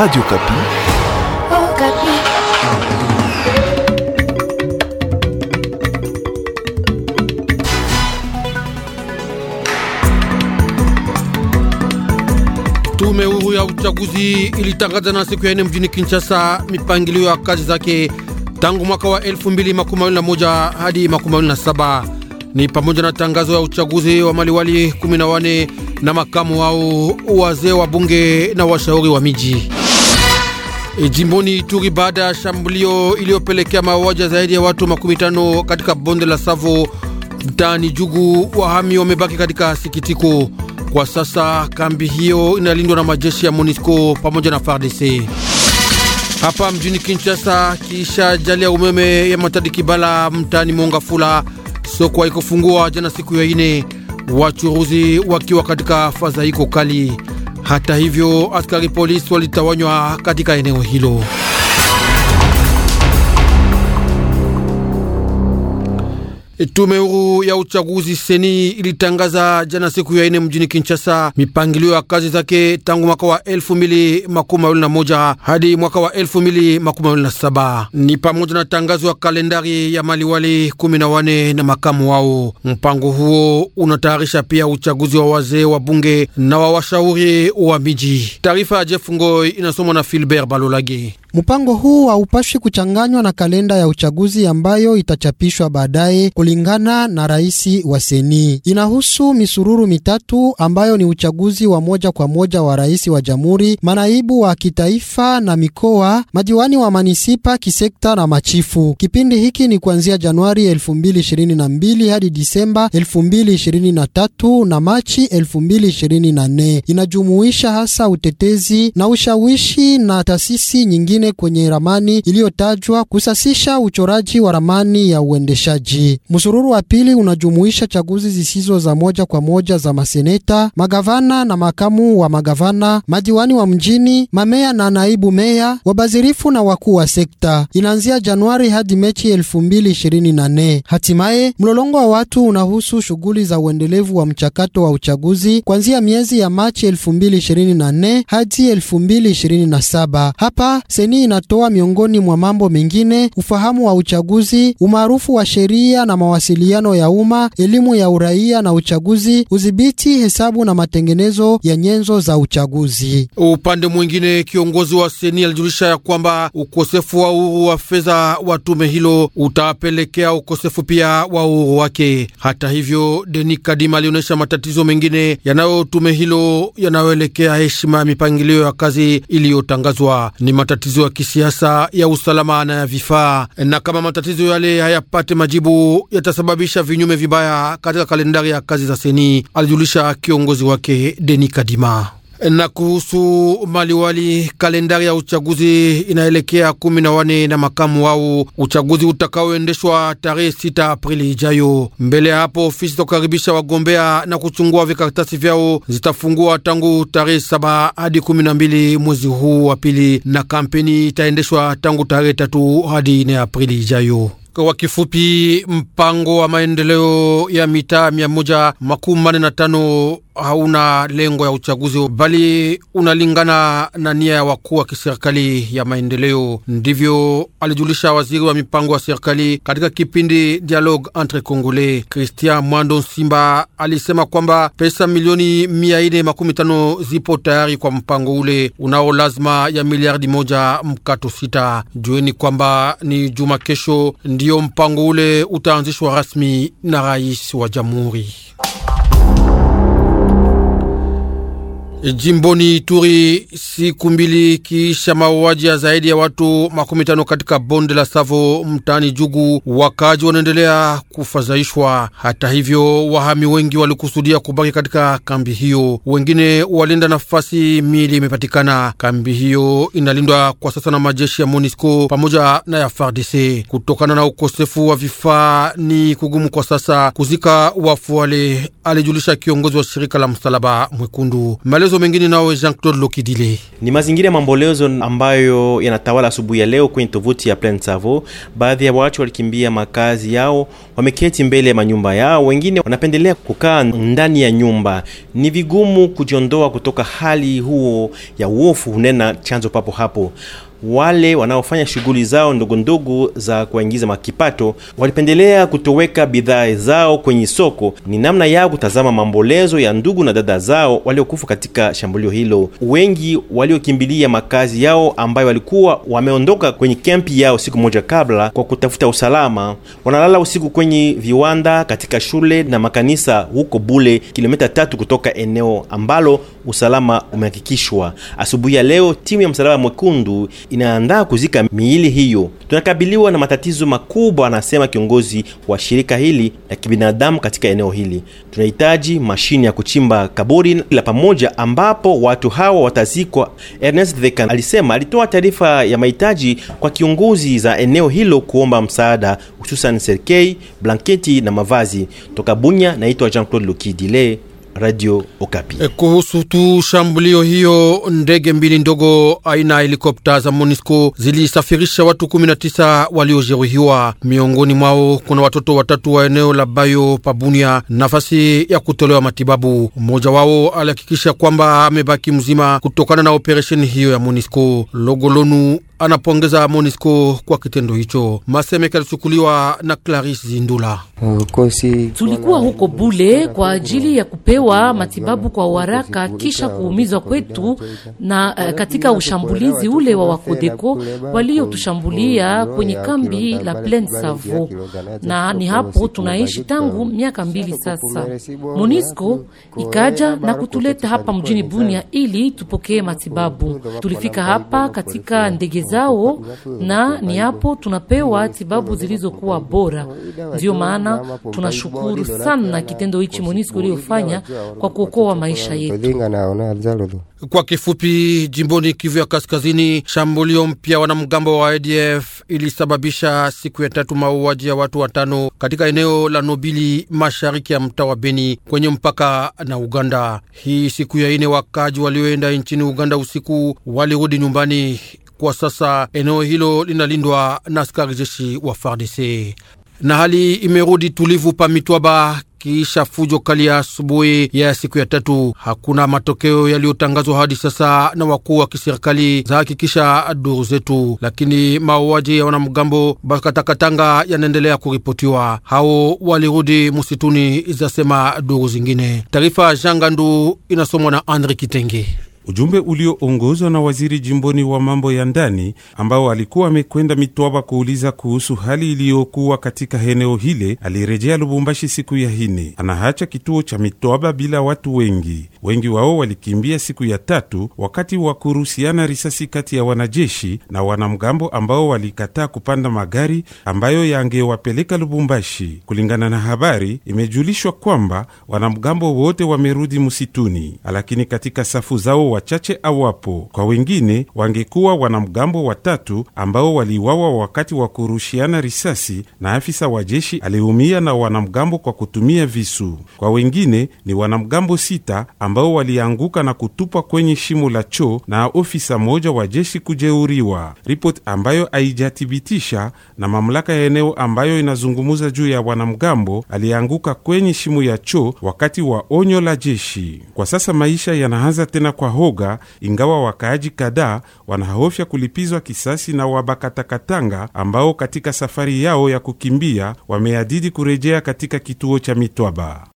Radio Kapi. Oh, Kapi. Tume huru ya uchaguzi ilitangaza na siku ya nne mjini Kinshasa mipangilio ya kazi zake tangu mwaka wa 2021 hadi 2027 ni pamoja na tangazo ya uchaguzi wa maliwali 14 na makamu wao, wazee wa bunge na washauri wa miji. E, jimboni Ituri baada ya shambulio iliyopelekea mauaji zaidi ya watu makumi tano katika bonde la Savo mtaani Jugu, wahami wamebaki katika sikitiko. Kwa sasa kambi hiyo inalindwa na majeshi ya MONUSCO pamoja na FARDC. Hapa mjini Kinshasa, kisha ajali ya umeme ya Matadi Kibala mtaani Mongafula, soko haikufungua jana siku ya ine, wachuruzi wakiwa katika fadhaiko kali. Hata hivyo askari polisi walitawanywa katika eneo hilo. Tume huru ya uchaguzi seni ilitangaza jana siku ya ine mjini Kinshasa mipangilio ya kazi zake tangu mwaka wa elfu mbili makumi mawili na moja hadi mwaka wa elfu mbili makumi mawili na saba ni pamoja na tangazo ya kalendari ya maliwali kumi na wane na makamu wao. Mpango huo unatayarisha pia uchaguzi wa wazee wa bunge na wa washauri wa miji. Taarifa ya Jeff Ngoi inasomwa na Filbert Balolage. Mpango huu haupashwi kuchanganywa na kalenda ya uchaguzi ambayo itachapishwa baadaye, kulingana na rais wa Seni. Inahusu misururu mitatu ambayo ni uchaguzi wa moja kwa moja wa rais wa jamhuri, manaibu wa kitaifa na mikoa, madiwani wa manisipa kisekta na machifu. Kipindi hiki ni kuanzia Januari 2022 hadi Disemba 2023 na Machi 2024. Inajumuisha hasa utetezi na ushawishi na taasisi nyingine nyingine kwenye ramani iliyotajwa kusasisha uchoraji wa ramani ya uendeshaji. Msururu wa pili unajumuisha chaguzi zisizo za moja kwa moja za maseneta, magavana na makamu wa magavana, madiwani wa mjini, mameya na naibu meya, wabazirifu na wakuu wa sekta. Inaanzia Januari hadi Mechi 2024. Hatimaye mlolongo wa watu unahusu shughuli za uendelevu wa mchakato wa uchaguzi kuanzia miezi ya Machi 2024 hadi 2027. Hapa Kampeni inatoa miongoni mwa mambo mengine ufahamu wa uchaguzi, umaarufu wa sheria na mawasiliano ya umma, elimu ya uraia na uchaguzi, udhibiti, hesabu na matengenezo ya nyenzo za uchaguzi. Upande mwingine, kiongozi wa seni alijulisha ya kwamba ukosefu wa uhuru wa fedha wa tume hilo utapelekea ukosefu pia wa uhuru wake. Hata hivyo, Deni Kadima alionyesha matatizo mengine yanayo tume hilo yanayoelekea heshima ya mipangilio ya kazi iliyotangazwa ni matatizo matatizo ya kisiasa, ya usalama na ya vifaa. Na kama matatizo yale hayapate majibu, yatasababisha vinyume vibaya katika kalendari ya kazi za seni, alijulisha kiongozi wake Deni Kadima. Na kuhusu maliwali, kalendari ya uchaguzi inaelekea kumi na wane na makamu wao, uchaguzi utakaoendeshwa tarehe sita Aprili ijayo. Mbele ya hapo, ofisi za kukaribisha wagombea na kuchungua vikaratasi vyao zitafungua tangu tarehe saba hadi kumi na mbili mwezi huu wa pili, na kampeni itaendeshwa tangu tarehe tatu hadi nne Aprili ijayo. Kwa kifupi, mpango wa maendeleo ya mitaa mia moja makumi manne na tano hauna lengo ya uchaguzi, bali unalingana na nia ya wakuu wa kiserikali ya maendeleo. Ndivyo alijulisha waziri wa mipango ya serikali katika kipindi Dialogue entre Congolais. Christian Mwando Nsimba alisema kwamba pesa milioni mia ine makumi tano zipo tayari kwa mpango ule unao lazima ya miliardi moja mkato sita. Jueni kwamba ni juma kesho ndiyo mpango ule utaanzishwa rasmi na rais wa jamhuri. Jimboni Ituri, siku mbili kiisha mauaji ya zaidi ya watu makumi tano katika bonde la Savo mtaani Jugu, wakaaji wanaendelea kufadhaishwa. Hata hivyo, wahami wengi walikusudia kubaki katika kambi hiyo, wengine walinda nafasi miili imepatikana. Kambi hiyo inalindwa kwa sasa na majeshi ya MONUSCO pamoja na ya FARDC. Kutokana na ukosefu wa vifaa, ni kugumu kwa sasa kuzika wafu wale, alijulisha kiongozi wa shirika la Msalaba Mwekundu Malezo maelezo mengine nao Jean Claude Lokidile. Ni mazingira ya mambolezo ambayo yanatawala asubuhi ya leo kwenye tovuti ya plan Savo. Baadhi ya watu walikimbia makazi yao, wameketi mbele ya manyumba yao, wengine wanapendelea kukaa ndani ya nyumba. Ni vigumu kujiondoa kutoka hali huo ya uofu, hunena chanzo papo hapo wale wanaofanya shughuli zao ndogo ndogo za kuingiza makipato walipendelea kutoweka bidhaa zao kwenye soko. Ni namna yao kutazama mambolezo ya ndugu na dada zao waliokufa katika shambulio hilo. Wengi waliokimbilia makazi yao ambayo walikuwa wameondoka kwenye kempi yao siku moja kabla kwa kutafuta usalama, wanalala usiku kwenye viwanda, katika shule na makanisa huko Bule, kilomita tatu kutoka eneo ambalo usalama umehakikishwa. Asubuhi ya leo timu ya Msalaba Mwekundu inaandaa kuzika miili hiyo. Tunakabiliwa na matatizo makubwa, anasema kiongozi wa shirika hili la kibinadamu katika eneo hili. Tunahitaji mashine ya kuchimba kaburi la pamoja ambapo watu hawa watazikwa. Ernest Thekan alisema, alitoa taarifa ya mahitaji kwa kiongozi za eneo hilo kuomba msaada, hususan Serkei blanketi na mavazi. Toka Bunya, naitwa Jean Claude Lukidile. Radio Okapi. Eh, kuhusu tu shambulio hiyo, ndege mbili ndogo aina ya helikopta za MONUSCO zilisafirisha watu 19 waliojeruhiwa. Miongoni mwao kuna watoto watatu wa eneo la Bayo Pabunia, nafasi ya kutolewa matibabu. Mmoja wao alihakikisha kwamba amebaki mzima kutokana na operesheni hiyo ya MONUSCO. Logolonu anapongeza MONUSCO kwa kitendo hicho. Masemeka alichukuliwa na Claris Zindula. Tulikuwa huko Bule kwa ajili ya kupewa matibabu kwa uharaka kisha kuumizwa kwetu na eh, katika ushambulizi ule wa wakodeko waliotushambulia kwenye kambi la Plaine Savo, na ni hapo tunaishi tangu miaka mbili sasa. MONUSCO ikaja na kutuleta hapa mjini Bunia ili tupokee matibabu. Tulifika hapa katika ndege zao, na ni hapo tunapewa tibabu zilizokuwa bora. Ndiyo maana tunashukuru sana kitendo hichi MONUSCO iliyofanya kwa kuokoa maisha yetu. Kwa kifupi, jimboni Kivu ya Kaskazini, shambulio mpya wanamgambo wa ADF ilisababisha siku ya tatu mauaji ya watu watano katika eneo la Nobili, mashariki ya mtaa wa Beni kwenye mpaka na Uganda. Hii siku ya ine, wakaji walioenda nchini Uganda usiku walirudi nyumbani. Kwa sasa eneo hilo linalindwa na askari jeshi wa FARDC na hali imerudi tulivu pa Mitwaba kiisha fujo kali ya asubuhi ya siku ya tatu. Hakuna matokeo yaliyotangazwa hadi sasa na wakuu wa kiserikali za hakikisha duru zetu, lakini mauaji ya wanamgambo Bakatakatanga yanaendelea kuripotiwa. Hao walirudi musituni, zasema duru zingine. Taarifa Jangandu inasomwa na Andre Kitenge. Ujumbe ulioongozwa na waziri jimboni wa mambo ya ndani ambao alikuwa amekwenda Mitwaba kuuliza kuhusu hali iliyokuwa katika eneo hile alirejea Lubumbashi siku ya hine. Anahacha kituo cha Mitwaba bila watu wengi, wengi wao walikimbia siku ya tatu wakati wa kurusiana risasi kati ya wanajeshi na wanamgambo ambao walikataa kupanda magari ambayo yangewapeleka Lubumbashi. Kulingana na habari, imejulishwa kwamba wanamgambo wote wamerudi msituni, lakini katika safu zao wachache awapo. Kwa wengine wangekuwa wanamgambo watatu ambao waliwawa wakati wa kurushiana risasi na afisa wa jeshi aliumia na wanamgambo kwa kutumia visu. Kwa wengine ni wanamgambo sita ambao walianguka na kutupwa kwenye shimo la choo na ofisa mmoja wa jeshi kujeuriwa, ripoti ambayo haijathibitisha na mamlaka ya eneo ambayo inazungumuza juu ya wanamgambo alianguka kwenye shimo ya choo wakati wa onyo la jeshi. Kwa sasa maisha yanaanza tena kwa hoga, ingawa wakaaji kadhaa wanahofia kulipizwa kisasi na Wabakatakatanga ambao katika safari yao ya kukimbia wameadidi kurejea katika kituo cha Mitwaba.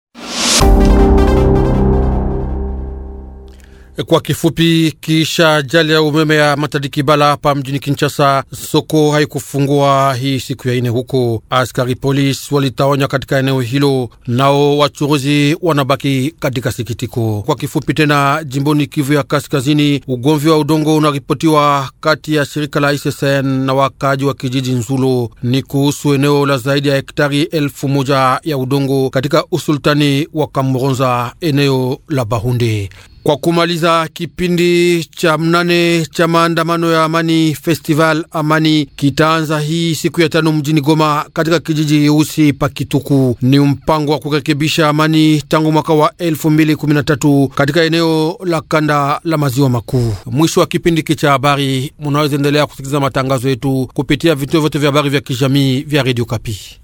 Kwa kifupi, kisha ajali ya umeme ya Matadi Kibala hapa mjini Kinshasa, soko haikufungua hii siku ya ine huko. Askari polis walitawanywa katika eneo hilo, nao wachuruzi wanabaki katika sikitiko. Kwa kifupi tena, jimboni Kivu ya Kaskazini, ugomvi wa udongo unaripotiwa kati ya shirika la ISSN na wakaaji wa kijiji Nzulo. Ni kuhusu eneo la zaidi ya hektari elfu moja ya udongo katika usultani wa Kamuronza, eneo la Bahunde. Kwa kumaliza kipindi cha mnane cha maandamano ya amani, Festival Amani kitaanza hii siku ya tano mjini Goma, katika kijiji Usi Pakituku. Ni mpango wa kurekebisha amani tangu mwaka wa 2013 katika eneo la kanda la maziwa makuu. Mwisho wa kipindi hiki cha habari, munaweza endelea kusikiliza matangazo yetu kupitia vituo vyote vya habari vya kijamii vya redio Kapi.